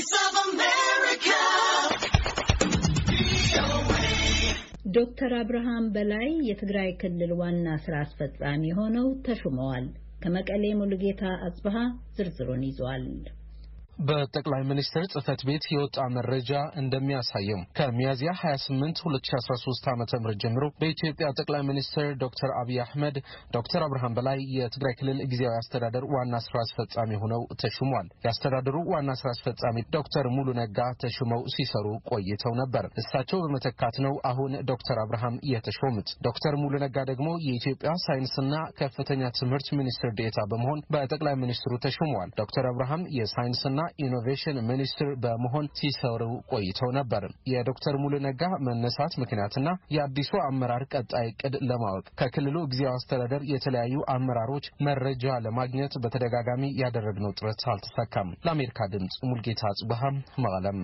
Voice of America. ዶክተር አብርሃም በላይ የትግራይ ክልል ዋና ስራ አስፈጻሚ ሆነው ተሹመዋል። ከመቀሌ ሙሉጌታ አጽብሃ ዝርዝሩን ይዟል። በጠቅላይ ሚኒስትር ጽህፈት ቤት የወጣ መረጃ እንደሚያሳየው ከሚያዝያ 28 2013 ዓ ም ጀምሮ በኢትዮጵያ ጠቅላይ ሚኒስትር ዶክተር አብይ አህመድ ዶክተር አብርሃም በላይ የትግራይ ክልል ጊዜያዊ አስተዳደር ዋና ስራ አስፈጻሚ ሆነው ተሹሟል። የአስተዳደሩ ዋና ስራ አስፈጻሚ ዶክተር ሙሉ ነጋ ተሹመው ሲሰሩ ቆይተው ነበር። እሳቸው በመተካት ነው አሁን ዶክተር አብርሃም የተሾሙት። ዶክተር ሙሉ ነጋ ደግሞ የኢትዮጵያ ሳይንስና ከፍተኛ ትምህርት ሚኒስትር ዴታ በመሆን በጠቅላይ ሚኒስትሩ ተሹመዋል። ዶክተር አብርሃም የሳይንስና ኢኖቬሽን ሚኒስትር በመሆን ሲሰሩ ቆይተው ነበር። የዶክተር ሙሉ ነጋ መነሳት ምክንያትና የአዲሱ አመራር ቀጣይ እቅድ ለማወቅ ከክልሉ ጊዜያዊ አስተዳደር የተለያዩ አመራሮች መረጃ ለማግኘት በተደጋጋሚ ያደረግነው ጥረት አልተሳካም። ለአሜሪካ ድምፅ ሙልጌታ ጽብሃም መቀለም